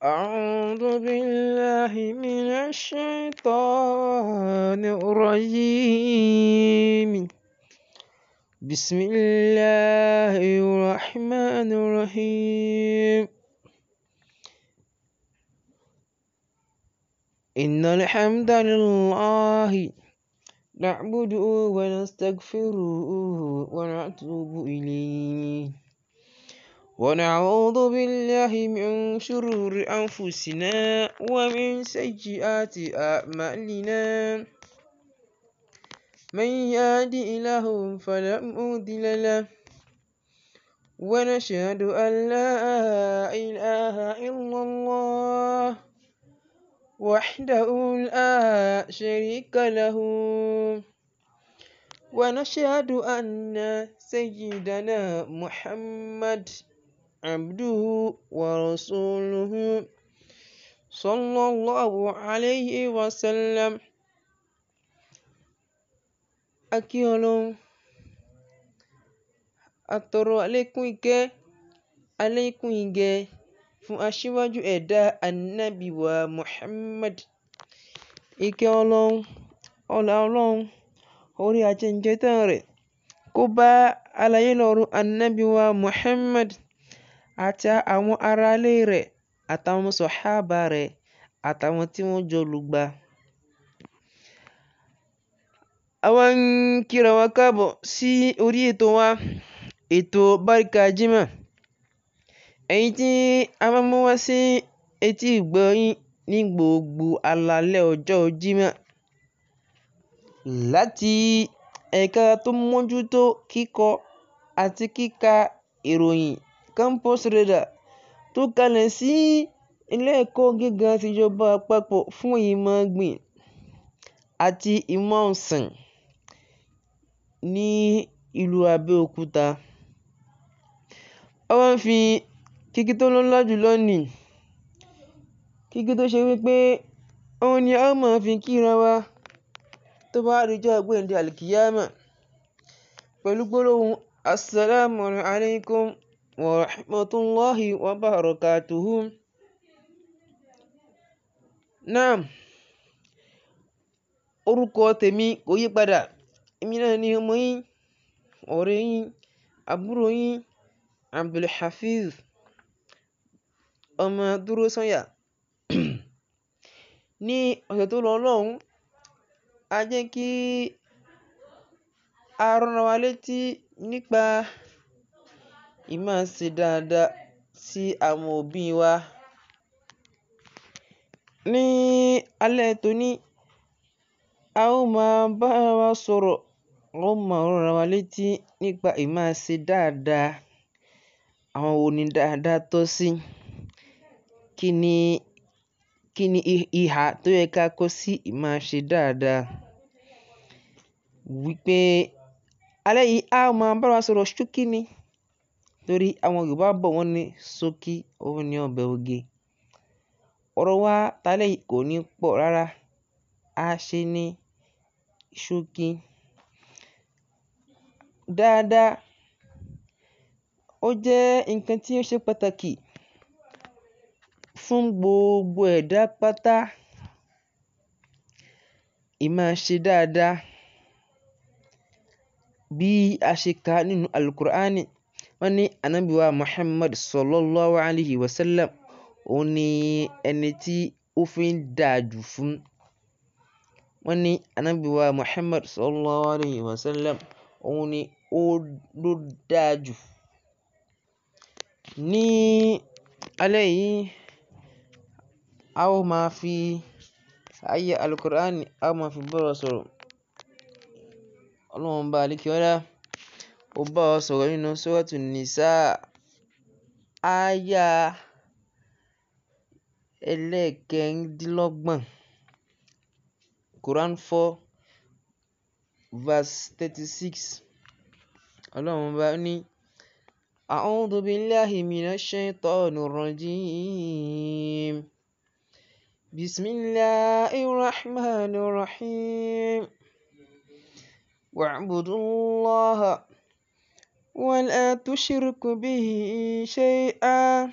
أعوذ بالله من الشيطان الرجيم بسم الله الرحمن الرحيم إن الحمد لله نعبده ونستغفره ونتوب إليه ونعوذ بالله من شرور أنفسنا ومن سيئات أعمالنا من يهد إله فلا مضل له ونشهد أن لا إله إلا الله وحده لا شريك له ونشهد أن سيدنا محمد عبده ورسوله صلى الله عليه وسلم akí ọlọ́run àtọ̀rọ̀ àlékún ìkẹ́ àlékún ìgẹ̀ fún aṣíwájú ẹ̀dá ànábì wa Muhammad ìkẹ́ ọlọ́run ọlá ọlọ́run orí ajẹ́njẹ́tàn rẹ̀ kó bá alayé lọ́run ànábì wa Muhammad àti àwọn aráalé rẹ àtàwọn sọhábà rẹ àtàwọn tí wọn jọ lùgbà àwa ń kíra wa káàbọ̀ sí orí ètò wa ètò báríkà jimá ẹ̀yin tí a máa mú wá sí etí ìgbọ́ yín ní gbogbo alaalẹ́ ọjọ́ jimá láti ẹ̀ka tó mójútó kíkọ àti kíka ìròyìn campus radar tó kalẹ̀ sí ilé-ẹ̀kọ́ gíga tìjọba àpapọ̀ fún ìmọ̀ ọ̀gbìn àti ìmọ̀ ọ̀sìn ní ìlú Abẹ́òkúta, ó wá ń fi kíkí tó lọ́lá jùlọ ní, kíkí tó ṣe wí pé òun ni a ó máa fi kíra wa tó bá dijọ́ ọ̀gbẹ́ndẹ àlìkìyáámà pẹ̀lú gbólóhùn Assalamu Alaikum. ورحمة الله Naam, orúkọ tèmi kò yí padà. Èmi náà ni ọmọ yín, ọ̀rẹ́ yín, àbúrò yín, Abdulhafiz, ọmọ Dúró Ní a jẹ́ kí a rán wa ì máa ṣe dáadáa sí àwọn òbí wa. Ní alẹ́ tòní, a ó máa bá ara wa sọ̀rọ̀, a ó máa rán ara wa létí nípa ì máa ṣe dáadáa. Àwọn wo ni dáadáa tọ́ sí? Kí ni, kí ni ìhà tó yẹ ká kó sí ì máa ṣe dáadáa? Wípé alẹ́ yìí a ó máa bá wa sọ̀rọ̀ ṣókí ni. Torí àwọn Yorùbá bọ̀ wọ́n ní "Ṣókí, òun ni ọbẹ̀ oge". Ọ̀rọ̀ wa tálẹ̀ yìí kò ní pọ̀ rárá. A ṣe ní ṣókí. Dáadáa, ó jẹ́ nǹkan tí ó ṣe pàtàkì fún gbogbo ẹ̀dá pátá. Ì dáadáa bí a ṣe kà á nínú àlùkùránì. Wọ́n ní Ànábì Muhammad sallallahu alayhi wa sallam òun ni ẹni tí ó fi ń dáa fún. Wọ́n ní Ànábì Muhammad sallallahu alayhi wa sallam òun ni ó ló dáa jù. Ní alẹ́ yìí, a ó máa fi ayé Al-Qur'ani a ó máa fi bọ́rọ̀ sọ̀rọ̀. Ọlọ́run bá àlékè ọlá. Mo bá ọ sọ̀rọ̀ nínú Suratu Nisa, ááyá ẹlẹ́ẹ̀kẹrìndínlọ́gbọ̀n, Quran 4 verse 36. Ọlọ́run bá ní, "A'udhu billahi minash shaitani rrajim. Bismillahir Rahmanir Rahim. Wa'budu Allaha ولا تشرك به شيئا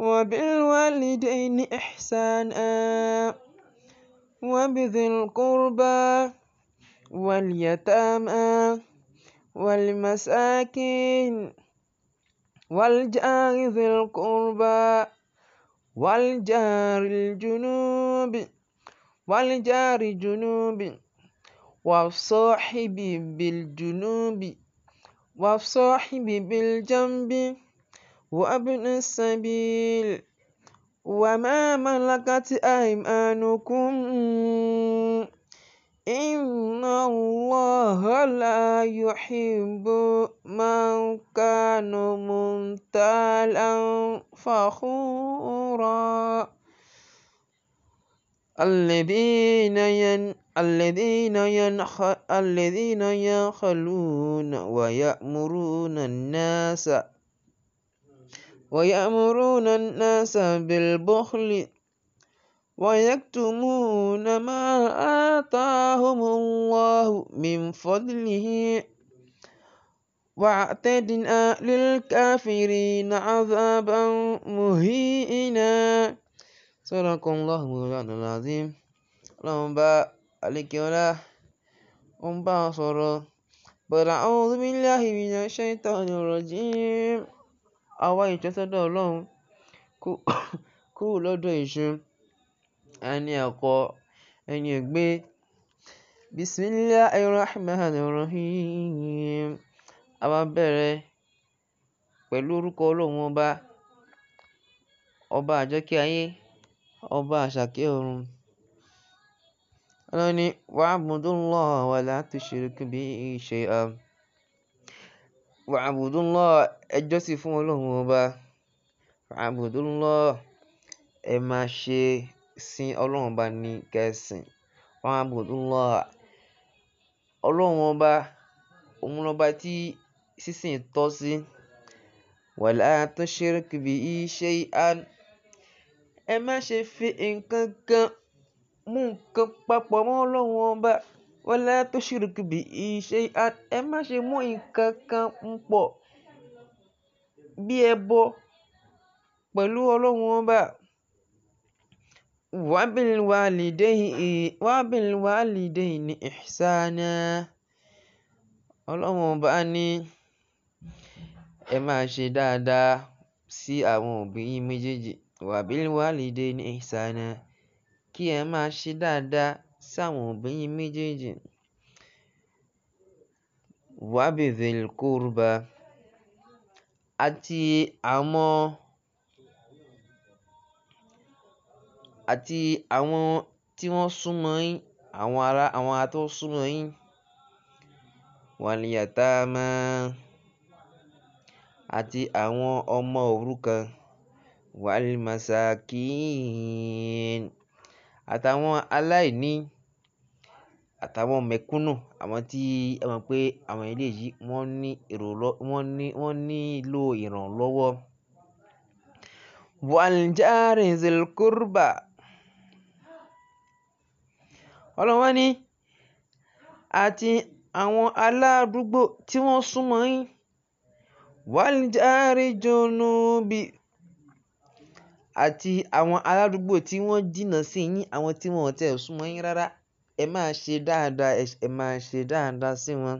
وبالوالدين إحسانا وبذي القربى واليتامى والمساكين والجار ذي القربى والجار الجنوب والجار الجنوب والصاحب بالجنوب وصاحب بالجنب وابن السبيل وما ملكت أيمانكم إن الله لا يحب من كان ممتلا فخورا الذين ين الذين ينخ الذين يخلون ويأمرون الناس ويأمرون الناس بالبخل ويكتمون ما آتاهم الله من فضله وأعتدنا للكافرين عذابا مهينا صدق الله مولانا العظيم ọlọ́run bá àlékeọlá ó ń bá wọn billahi minash shaitani rajim àwa ìjọsọ́dọ̀ ọlọ́run kúrò lọ́dọ̀ èṣù ẹni ẹ̀kọ́ ẹni ẹ̀gbẹ́ bismillahir rahmanir rahim a máa bẹ̀rẹ̀ pẹ̀lú orúkọ ọlọ́run ọba ọba Ọba Àṣàkẹ́ ọ̀run. Ọlọ́run ní "Wa'budullaha wa la tushriku bihi shay'a". Wa'budullaha, ẹ jọ́sìn fún Ọlọ́run Ọba. Wa'budullaha, ẹ máa ṣe sìn Ọlọ́run Ọba ní kẹ́sìn. Wa'budullaha, Ọlọ́run Ọba, òun lọ́ba tí sísìn tọ́ sí. Wa la tushriku bihi shay'an ẹ má ṣe fi nǹkan kan mú nǹkan papọ̀ mọ́ Ọlọ́run Ọba. Wala tushriku bihi shay'an. Ẹ má ṣe mú nǹkan kan pọ̀ bí ẹbọ pẹ̀lú Ọlọ́run Ọba. Wa bil walidayni, wa bil ihsana. Ọlọ́run Ọba ní ẹ máa ṣe dáadáa sí àwọn òbí yín méjèèjì. Wàbílwálìdaini ihsana. Kí ẹ máa ṣe dáadáa sí àwọn òbí yín méjèèjì. Wabidhil qurba àti àwọn, àti àwọn tí wọ́n súnmọ́ yín, àwọn ará, àwọn ará tó yín. Wal àti àwọn ọmọ òrukàn wàlmasakin àtàwọn aláìní àtàwọn mẹ̀kúnnù àwọn tí ẹ mọ̀ pé àwọn eléyìí wọ́n ní ìrànlọ́ wọ́n ní wọ́n nílò ìrànlọ́wọ́. wàljáre zilkurba ọlọ́run wá ní àti àwọn aládùúgbò tí wọ́n súnmọ́ yín wàljáre junubi àti àwọn aládùúgbò tí wọ́n jìnnà sí yín, àwọn tí wọ́n ò tẹ́ ẹ súnmọ́ yín rárá, ẹ máa ṣe dáadáa, ẹ máa ṣe dáadáa sí wọn.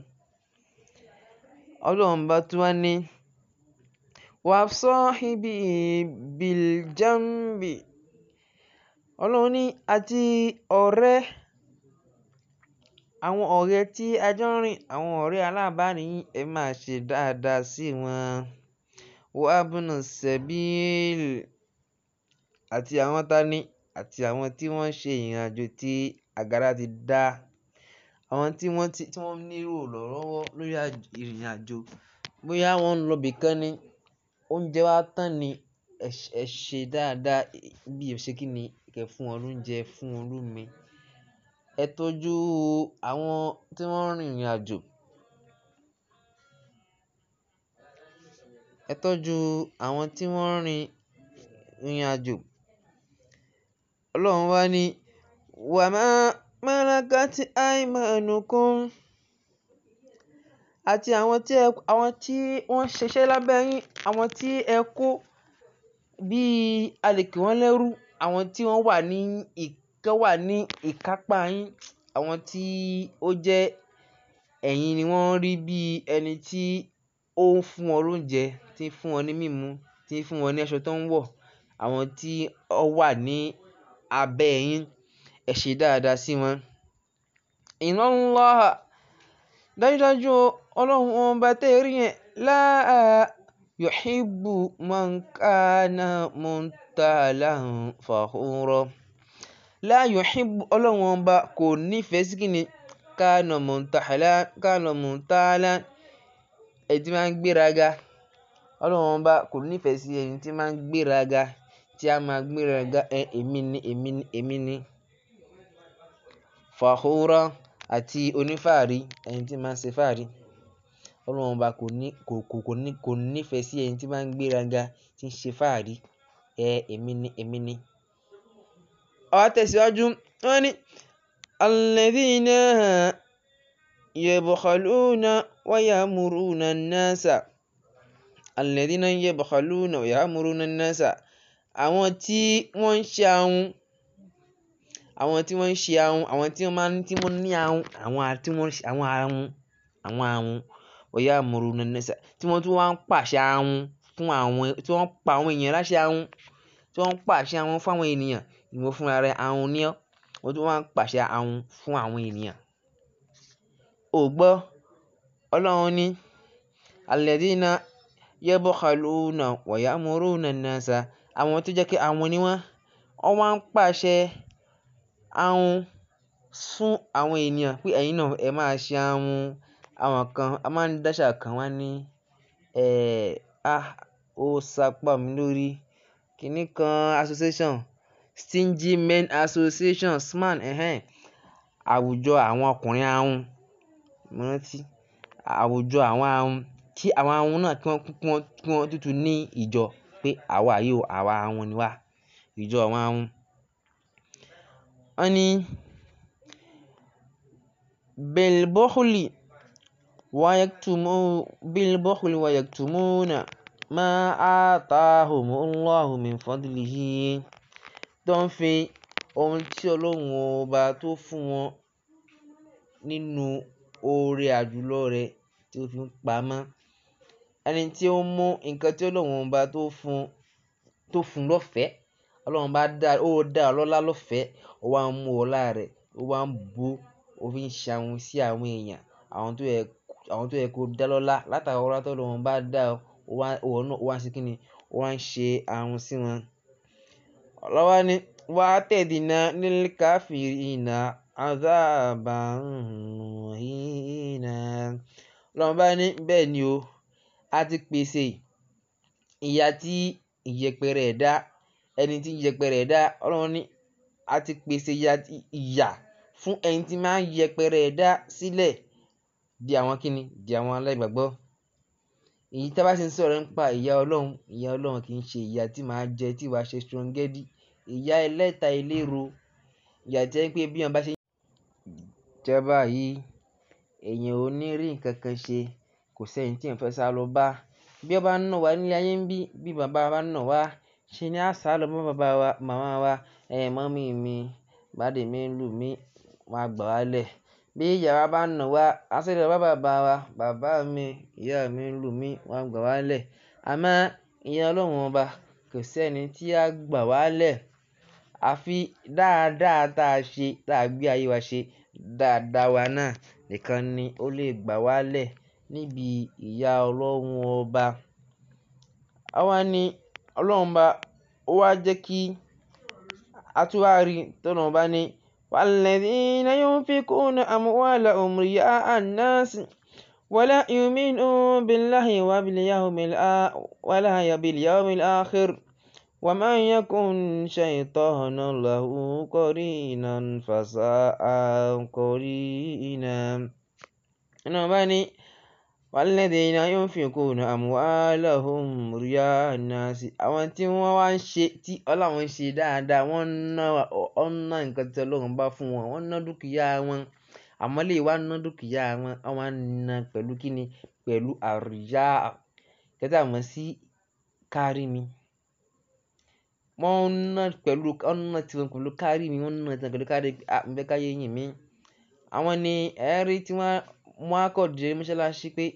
Ọlọ́run bá tún wá ní, "Wà sọ́híbí bil jambi." Ọlọ́run ní, àti ọ̀rẹ́, àwọn ọ̀rẹ́ tí a jọ ń rìn, àwọn ọ̀rẹ́ alábàárìn yín, ẹ máa ṣe dáadáa sí wọn. Wa abna sabil àti àwọn tani àti àwọn tí wọ́n ṣe ìrìnàjò tí àgàrà ti dá, àwọn tí wọ́n ti, tí wọ́n ní rò lọ́wọ́ lórí ìrìnàjò. Bóyá wọ́n ń lọ ibìkan ni, oúnjẹ wá tán ni, ẹ ṣe dáadáa bí ẹ ṣe kí ni kí ẹ fún wọn lóúnjẹ, fún wọn lómi. Ẹ tọ́jú àwọn tí wọ́n ń rìnrìn àjò. Ẹ tọ́jú àwọn tí wọ́n ń rìnrìn àjò. Ọlọ́run wá ní wà máa malakati aymanukum àti àwọn tí ẹ àwọn tí wọ́n ṣiṣẹ́ lábẹ́ yín àwọn tí ẹ kó bí a lè pè wọ́n lẹ́rú àwọn tí wọ́n wà ní ìkẹ́ wà ní ìkápá yín àwọn tí ó jẹ́ ẹ̀yin ni wọ́n rí bí ẹni tí ó ń fún wọn lóúnjẹ, tí ń fún wọn ní mímu, tí ń fún wọn ní aṣọ tó ń wọ̀ àwọn tí ó wà ní abẹ́ yín ẹ ṣe dáadáa sí wọn. Inna Allah dájúdájú ọlọ́run ọba tẹ́ rí yẹn la yuhibbu man kana muntalan fakhura. La yuhibbu ọlọ́run ọba kò nífẹ̀ẹ́ sí kíni kana muntalan kana muntalan ẹni tí máa ń gbéraga. Ọlọ́run ọba kò nífẹ̀ẹ́ sí ẹni tí máa ń gbéraga tí a máa gbéra ga ẹ èmi ni èmi ni èmi ni. Fàhóra àti onífàárí ẹni tí máa ń ṣe fàárí. Ọlọ́run ọba kò ní kò kò kò ní kò nífẹ̀ẹ́ sí ẹni tí bá ń gbéra ga tí ń ṣe fàárí. Ẹ èmi ni èmi ni. Àwa tẹ̀síwájú wọ́n ní Alladhina yabkhaluna wa ya'muruna an-nasa. Alladhina yabkhaluna wa ya'muruna an-nasa àwọn tí wọ́n ń ṣe ahun àwọn tí wọ́n ń ṣe ahun àwọn tí wọ́n máa ń tí wọ́n ní ahun àwọn tí wọ́n àwọn ahun àwọn ahun ọ̀yà àmọ̀rò nẹ́nẹ́sà tí wọ́n tún wá ń pàṣẹ ahun fún àwọn tí wọ́n ń pa àwọn èèyàn láṣẹ ahun tí wọ́n ń pàṣẹ ahun fún àwọn ènìyàn ìwọ fúnra rẹ ahun ní ọ́ wọ́n tún wá ń pàṣẹ ahun fún àwọn ènìyàn. ò gbọ́ ọlọ́run ní alẹ́dínà yẹ́bọ̀kàlù náà wọ̀yà àmọ̀rò nẹ́nẹ́sà àwọn tó jẹ́ pé àwọn ni wọ́n, wọ́n wá ń pàṣẹ ahun fún àwọn ènìyàn pé ẹ̀yin náà ẹ máa ṣe ahun. Àwọn kan a máa ń dáṣà kan wá ní, ẹ́, ah, ó sápá mi lórí. Kíni kan association, Stingy Men Association, SMAN, ẹhẹ́n. Àwùjọ àwọn ọkùnrin ahun. Mo rántí. Àwùjọ àwọn ahun. Kí àwọn ahun náà kí wọ́n, kí wọ́n, kí wọ́n tútù ní ìjọ pé àwa yìí o, àwa ahun ni wá, ìjọ àwọn ahun. Wọ́n ní bilbukhli wa yaktumu bilbukhli wa yaktumuna ma atahumullahu min fadlihi. Tó ń fi ohun tí Ọlọ́run ọba tó fún wọn nínú oore àjùlọ rẹ̀ tí ó fi ń pamọ́ ẹni tí ó ń mú nǹkan tí Ọlọ́run ọba tó fún tó fún lọ́fẹ̀ẹ́ Ọlọ́run bá dá ó dá ọ lọ́lá lọ́fẹ̀ẹ́ ó wá ń mú ọlá rẹ̀ ó wá ń bu ó fi ń ṣàwọn sí àwọn èèyàn àwọn tó yẹ kó dá lọ́lá látara ọlá tí Ọlọ́run bá dá ó wá ó wá ń ṣe kíni ó wá ń ṣe ahun sí wọn. ọlọ́wà ni wà á tẹ̀dínà nílé káfíìnà àzáàbà ń hìnà. Ọlọ́run bá ní bẹ́ẹ̀ ni o a ti pèsè ìyà tí ìyẹpẹrẹ ẹ̀dá, ẹni tí ìyẹpẹrẹ ẹ̀dá. Ọlọ́run ní a ti pèsè ìyà fún ẹni tí máa ń yẹpẹrẹ ẹ̀dá sílẹ̀ di àwọn kíni, di àwọn aláìgbàgbọ́. Èyí tí a bá sì ń sọ̀rọ̀ nípa ìyà Ọlọ́run, ìyà Ọlọ́run kì í ṣe ìyà tí màá jẹ tí wàá ṣe ṣorongẹ́dí. Ìyà ẹlẹ́ta eléro, ìyà tí ẹ pé bí èèyàn bá ṣe jọba yìí, èèyàn ò ní rí nǹkan kan ṣe kò sẹ́ni tí èèyàn fẹ́ sá lọ bá. Bí wọ́n bá ń nà wá nílé ayé ń bí, bí bàbá wa ń nà wá, ṣe ni a sá lọ bá bàbá wa, màmá wa, ẹ mummy mi, daddy mi ń lù mí, wọ́n gbà wá lẹ̀. Bí ìyá wa bá ń nà wá, a sáré lọ bá bàbá wa, bàbá mi, ìyá mi ń lù mí, wọ́n á gbà wá lẹ̀. Àmọ́ ìyen Ọlọ́run ọba kò sẹ́ni tí á gbà wá lẹ̀. A fi dáadáa ta ṣe, ta gbé ayé wa ṣe, dáadáa wa náà nìkan ni ó lè gbà wá lẹ̀ níbi ìyá Ọlọ́run ọba. Àwa ni Ọlọ́run bá ó wá jẹ́ kí a tún wá rí tọ́lọ́run bá ní. Walladhina yunfikuna amwalahum riya'a an-nasi wala yu'minuna billahi wabil yawmil akhir wala bil yawmil akhir. ومن يكن شيطان له قرينا فساء قرينا. Ọlọ́run bá ní. Walladheena yunfiquna amwalahum riyaa nnaasi. Àwọn tí wọ́n wá ń ṣe tí Ọlọ́run ń ṣe dáadáa, wọ́n ná ọ̀nà nǹkan tí Ọlọ́run bá fún wọn, wọ́n ná dúkìá wọn. Àmọ́ lè wá ná dúkìá wọn, wọ́n wá ná pẹ̀lú kíni? Pẹ̀lú àríyá. Ǹkan tí a mọ̀ kárí mi. Wọ́n ná pẹ̀lú, wọ́n ná kárí mi, wọ́n káyé yìn mí. Àwọn ni ẹ tí wọ́n, wọ́n á kọ̀ pé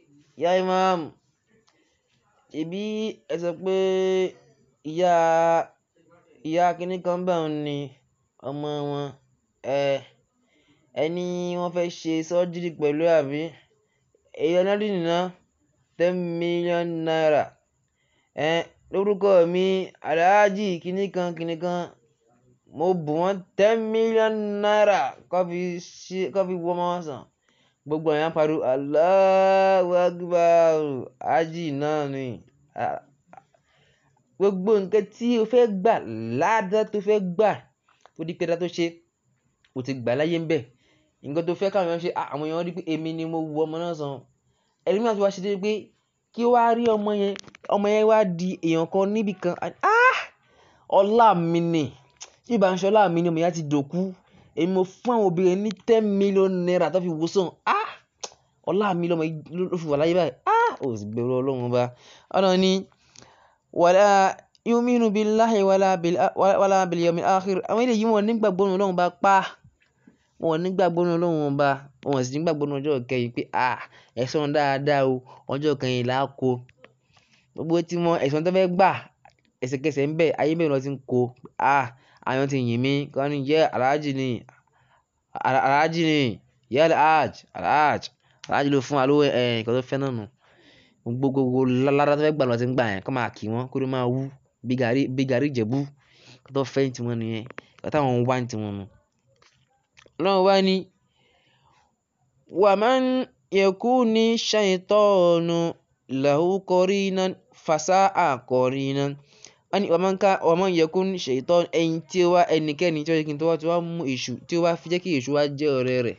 Ya Imam, ṣèbí ẹ sọ pé ìyá, ìyá kíní kan bá òun ni ọmọ wọn, ẹ, ẹ ní wọ́n fẹ́ ṣe surgery pẹ̀lú àbí? Èló ná dìí ná? Ten million naira. Ẹ, lórúkọ mi Alhaji kíní kan kíní kan, mo bù wọ́n ten million naira kó fi ṣe, kó fi sàn gbogbo àwọn yẹn pariwo Allahu Akbar hajj náà ni. Gbogbo nǹkan tí o fẹ́ gbà ládá tó fẹ́ gbà ó di pé dá tó ṣe o ti gbà láyé ń bẹ̀. Nǹkan tó fẹ́ káwọn èèyàn ṣe àwọn èèyàn rí pé èmi ni mo wu ọmọ náà sàn. Ẹlòmíràn tún wá ṣe débi pé kí ó wá rí ọmọ yẹn ọmọ yẹn wá di èèyàn kan níbi kan. Ah! Ọlá mi ni. Tí ìbá ń ṣe ọlá mi ni ọmọ yẹn á ti dòkú. Èmi mo fún àwọn obìnrin ní ten million naira tó fi wo sàn. Ah! ọlá mi lọ́mọ ló fi wà láyé báyìí ah ò sì bẹ̀rù ọlọ́run ọba ọlọ́run ni wàlá yuminu billahi wàlá bil yawmil akhir àwọn eléyìí wọn nígbàgbọ́ nù ọlọ́run bá pa wọn nígbàgbọ́ nù ọlọ́run ọba wọn sì nígbàgbọ́ nù ọjọ́ kẹyìn pé ah ẹ̀san dáadáa o ọjọ́ kẹyìn là á kó gbogbo tí wọn ẹ̀san tó fẹ́ gbà ẹsẹ̀kẹsẹ̀ ń bẹ ayé mẹ́rin lọ ń kó ah àwọn ti yìn mí kọ́ni yẹ aláàjì ni aláàjì ni yẹ aláàjì aláàjì aláàjì ló fún wa lówó ẹ̀ eh, nǹkan tó fẹ́ náà nù gbogbogbò lára tó fẹ́ gbà lọ sí ń gbà yẹn kó máa kí wọn kó ló máa wú bí gàrí bí gàrí ìjẹ̀bú nǹkan tó fẹ́ ní tiwọn nìyẹn nǹkan táwọn ń wá ní tiwọn nù. ọlọ́run wa ní wà máa ń yẹ̀kú ní ṣàìtọ́ọ̀nù làwọn kọrí iná fàṣà àkọrí iná wọ́n ní wọ́n máa ń yẹkún ṣètọ́ ẹni tí ó ẹnikẹ́ni tí ó yẹ wá mú èṣù tí ó fi jẹ́ kí èṣù wá jẹ́ ọ̀rẹ́ rẹ̀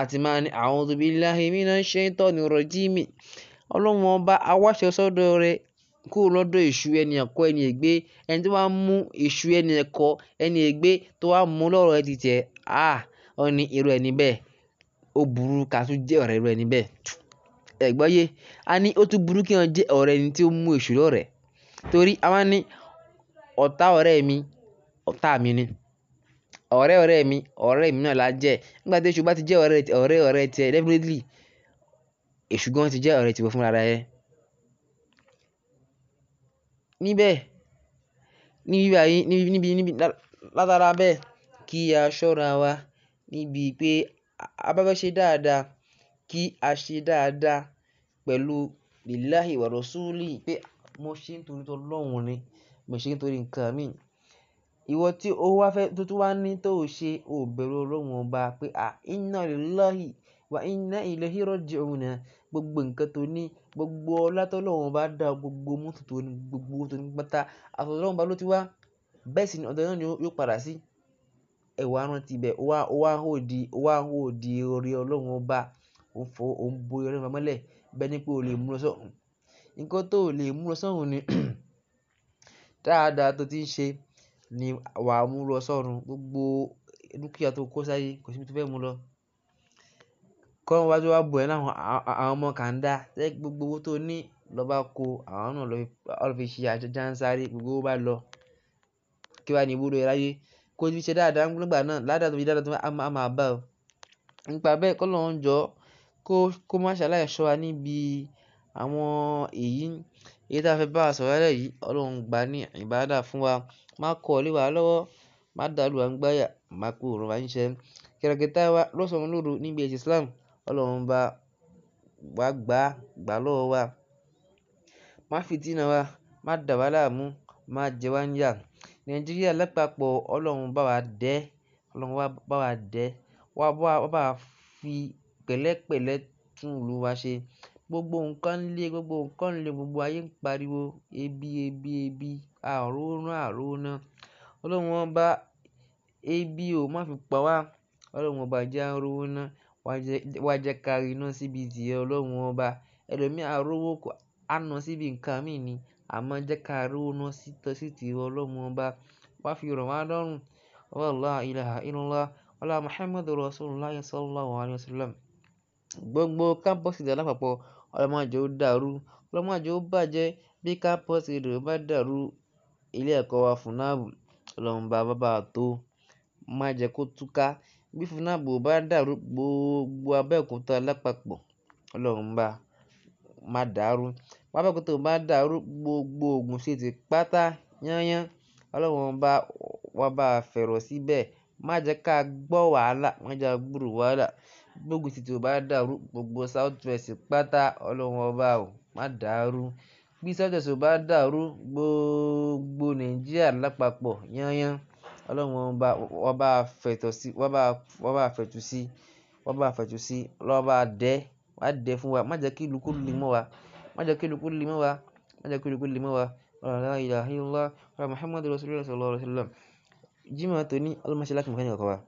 àti máa ní a'udhu billahi minash shaitani rajim. Ọlọ́run ọba awáṣẹ sọ́dọ̀ rẹ kúrò lọ́dọ̀ èṣù ẹni ẹ̀kọ́ ẹni ègbé ẹni tó wá mú èṣù ẹni ẹ̀kọ́ ẹni ègbé tó wá mú lọ́rọ̀ ẹ ti tẹ̀ á ọ ní irú ẹni bẹ́ẹ̀ ó burú ká tún jẹ́ ọ̀rẹ́ irú ẹni bẹ́ẹ̀ ẹ̀gbọ́yé a ní ó tún burú kí wọn jẹ́ ọ̀rẹ́ ẹni tí ó mú èṣù lọ́rẹ̀ẹ́ torí a máa ní ọ̀tá ọ̀rẹ́ mi ọ̀tá mi ni ọ̀rẹ́ ọ̀rẹ́ mi ọ̀rẹ́ mi náà la jẹ́ nígbà tí èṣù bá ti jẹ́ ọ̀rẹ́ ọ̀rẹ́ tiẹ̀ definitely èṣù gan ti jẹ́ ọ̀rẹ́ tiwọ fúnra rẹ. Níbẹ̀ níbi báyìí níbi níbi látara bẹ́ẹ̀ kí a ṣọ́ra wa níbi pé a bá fẹ́ ṣe dáadáa kí a ṣe dáadáa pẹ̀lú lillahi wa rasuli pé mo ṣe nítorí Ọlọ́run ni, mo ṣe nítorí nǹkan mi. Ìwọ tí ó wá fẹ́ tó tún wá ní tó ò ṣe, o bẹ̀rù Ọlọ́run ọba pé à inna lillahi wa inna ilaihi raji'un. Gbogbo nǹkan tó ní, gbogbo ọlá tó Ọlọ́run ọba dá ọ, gbogbo mọ́tò tó ní, gbogbo ohun tó ní pátá, àtọ̀dọ̀ Ọlọ́run ọba ló ti wá. Bẹ́ẹ̀ sì ni ọ̀dọ̀ náà ni yóò padà sí. Ẹ wá rántí wá, wá hold, ó wá hold oore Ọlọ́run ọba, ó fọ, ó ń bo oore ọba mọ́lẹ̀. Bẹ́ẹ̀ ni pé o lè mú lọ Nǹkan tó ò lè mú lọ ni dáadáa tó ti ń ṣe ni wà á mú lọ sọ́run gbogbo dúkìá tó kó sáyé kò sí ibi tó fẹ́ mú lọ. Kọ́lọ́run wá tó wá bù ẹ́ láwọn àwọn ọmọ kàńdá jẹ́ gbogbo owó tó ní lọ bá kó àwọn náà lọ fi ṣe àjànsáré gbogbo owó bá lọ. Kí wá ní ìwúlò ẹ Kó fi ṣe dáadáa nígbà náà ládàá tó fi dáadáa tó a máa bá ọ. Nípa bẹ́ẹ̀ kọ́lọ́run jọ́ kó má ṣe ṣọ́ wa níbi àwọn èyí. Èyí tí a fẹ́ bá wa sọ̀rọ̀ lálẹ́ yìí, Ọlọ́run gbà ní ìbádá fún wa. Má kọ́ lé wa lọ́wọ́, má dàlú wa nígbàyà, má kó òrùn wa níṣẹ́. Kẹ̀rẹ̀kẹ̀tà wa lọ́sàn-án lóru níbi ẹ̀sìn Islam. Ọlọ́run bá wa gbà, gbà lọ́wọ́ wa. Má fìtínà wa, má dà wá láàmú, má jẹ wá níyà. Nàìjíríà lápapọ̀ Ọlọ́run bá wa dẹ́, Ọlọ́run bá wa dẹ́, wá bá wa fi pẹ̀lẹ́pẹ̀lẹ́ tún ìlú wa ṣe. Gbogbo nǹkan ń le, gbogbo nǹkan ń lé, gbogbo ayé ń pariwo ebi, ebi, ebi, àróná, àróná. Ọlọ́run obá, ebi o má fi pa wá. Ọlọ́run obá jẹ́ á rówóná. Wá jẹ́, wá jẹ́ ká ríná síbi tìrẹ Ọlọ́run obá. Ẹlòmíì á kò, á síbi nǹkan mìí ni, àmọ́ jẹ́ ká rówóná sí tìrẹ Ọlọ́run obá. Wá fi rọ̀ wá lọ́rùn. Wala ilaha illallah. Ọlá Muhammadur Rasulullah sallallahu alaihi wasallam. Gbogbo kámpọ̀sì dá lápapọ̀ Ọlọ́run má jẹ ó dàrú, Ọlọ́run má jẹ ó bàjẹ́. Bí campus radio bá dàrú, ilé ẹ̀kọ́ wa FUNAAB, Ọlọ́run bá wa bá a tó. Má jẹ kó túká. Bí FUNAAB ò bá dàrú, gbogbo Abẹ́òkúta lápapọ̀, Ọlọ́run bá má dàrú. Bí Abẹ́òkúta ò bá dàrú, gbogbo Ogun State pátá yányán, Ọlọ́run bá bá a fẹ̀rọ̀ síbẹ̀. Má jẹ ká gbọ́ wàhálà, má jẹ á gbúrò wàhálà gbógun tìtì ò bá dàrú, gbogbo Southwest pátá Ọlọ́run ọba o, má dàrú. Bí Southwest ò bá dàrú, gbogbo Nàìjíríà lápapọ̀ yányán. Ọlọ́run ọba, wa bá fẹ̀tọ̀ sí, wa bá, wa bá fẹ̀tù sí, wa bá fẹ̀tù sí, Ọlọ́run bá dẹ́, wá dẹ́ fún wa. Má jẹ́ kí ìlú kó le mọ́ wa. Má jẹ́ kí ìlú kó le mọ́ wa. Má jẹ́ kí ìlú kó le mọ́ wa. La ilaha illallah Muhammadur Rasulullah sallallahu alaihi wasallam. Jímọ̀ tòní, Ọlọ́run máa ṣe láti mú kẹ́ni kọ̀ọ̀kan wa.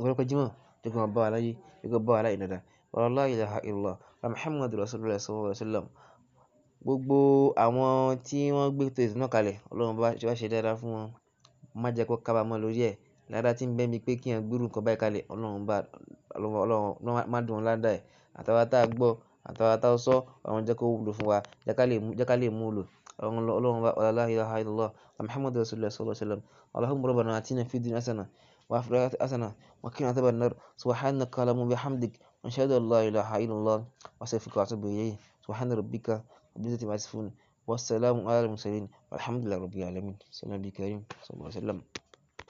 Ọ̀pọ̀lọpọ̀ Jímọ̀ jẹ́ kí wọ́n bá wa láyé, jẹ́ kí wọ́n bá wa láyé dáadáa. Wa la ilaha illallah wa Muhammadur Rasulullah sallallahu alaihi wasallam. Gbogbo àwọn tí wọ́n gbé ètò ìsìn náà kalẹ̀, Ọlọ́run bá wa ṣe dáadáa fún wọn. Má jẹ́ kó kábàámọ̀ lórí ẹ̀. Ládá tí ń bẹ níbi pé kí èèyàn gbé irú nǹkan báyìí kalẹ̀, Ọlọ́run bá, Ọlọ́run má dùn wa ládá ẹ̀. Àtàwà tá a gbọ́, àtàwà tá a sọ, Ọlọ́run jẹ́ kó wúlò fún wa. Jẹ́ ká lè mú, jẹ́ ká lè mú lò. Ọlọ́run bá, wa la ilaha illallah wa Muhammadur Rasulullah sallallahu alaihi wasallam. Allahumma rabbana atina fid dunya hasanah. وعفرات حسنة وكن عذاب النار سبحانك اللهم وبحمدك ونشهد أن لا إله إلا الله وأستغفرك وأتوب إليه سبحان ربك رب العزة عما يصفون والسلام على المرسلين والحمد لله رب العالمين سلام النبي الكريم صلى الله عليه وسلم